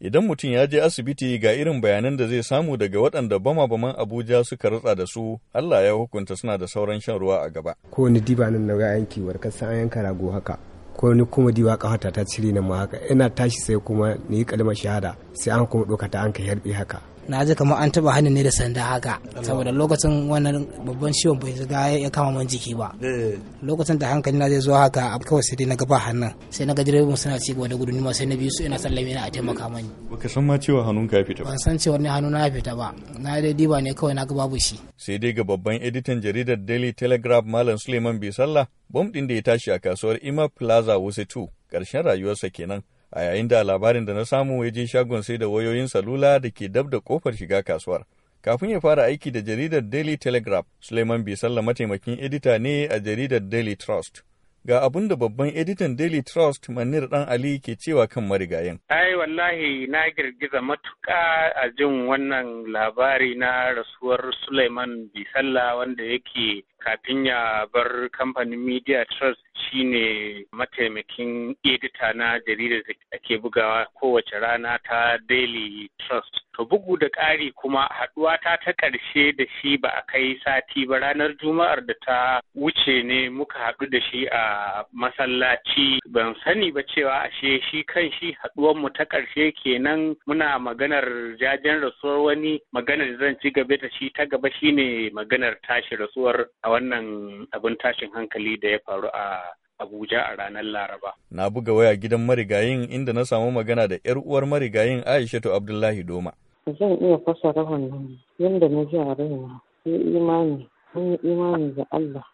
Idan mutum ya je asibiti ga irin bayanan da zai samu daga waɗanda bama-baman Abuja suka rutsa da su, Allah ya hukunta suna da sauran shan ruwa a gaba. Ko ni diba nan na yanki warkar sa an yanka rago haka. Ko ni kuma diwa kafata ta cire na mu haka. Ina tashi sai kuma ni kalmar shahada sai an kuma ɗaukata an ka harbi haka. na ji kamar an taba hannun ne da sanda haka saboda lokacin wannan babban ciwon bai riga ya kama man jiki ba eh. lokacin da hankali na zai zo haka a kawai sai dai na gaba hannun sai na ga mun suna ci gaba da gudu nima sai na biyu su ina sallame na a taimaka mani baka san ma cewa hannun ka ya fita ba ban san cewa ne hannu na fita ba na dai diba ne kawai na ga babu shi sai dai ga babban editan jaridar Daily Telegraph Malam Suleiman Bisalla bom din da ya tashi a kasuwar Ima Plaza Wuse 2 karshen rayuwarsa kenan a yayin da labarin da na samu ya je shagon sai da wayoyin salula da ke dab da kofar shiga kasuwar. Kafin ya fara aiki da jaridar Daily Telegraph, Suleiman Bisalla mataimakin edita ne a jaridar Daily Trust. Ga abin da babban editan Daily Trust Manir Dan Ali ke cewa kan marigayen. Ai wallahi na girgiza matuƙa a jin wannan labari na rasuwar Suleiman Bisalla wanda yake kafin ya bar kamfanin Media Trust shine mataimakin edita na jaridar da ake bugawa kowace rana ta Daily Trust. To bugu da ƙari kuma haɗuwa ta ta ƙarshe da shi ba a kai sati ba ranar Juma'ar da ta wuce ne muka haɗu da shi a masallaci ban sani ba cewa ashe shi kan shi haɗuwar mu ta ƙarshe kenan muna maganar jajen rasuwar wani maganar zan ci gaba da shi ta gaba shine maganar tashi rasuwar a wannan abin tashin hankali da ya faru a Abuja a ranar Laraba. Na buga waya gidan marigayin inda na samu magana da 'yar uwar marigayin Aisha to Abdullahi Doma. zan iya fasa fassara nan, yadda na ji a raina imani mun imani ga Allah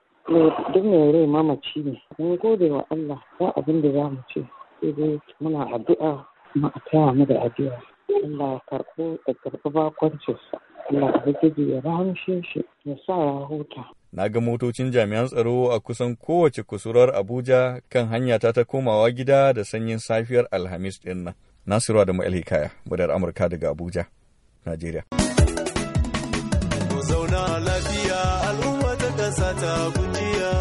duk mai rai mamaci ne mun gode wa Allah ba abin da za mu ce sai dai muna addu'a kuma a taya mu da addu'a Allah ya karɓo da karɓi bakoncinsa Allah ya rahamshe shi ya sa ya huta na ga motocin jami'an tsaro a kusan kowace kusurar Abuja kan hanya ta ta komawa gida da sanyin safiyar Alhamis ɗin nan. Nasiru da Hikaya, budar Amurka daga Abuja. Najeriya. ku zauna lafiya al'umma ta kasa ta gujiya.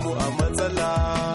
samu a matsala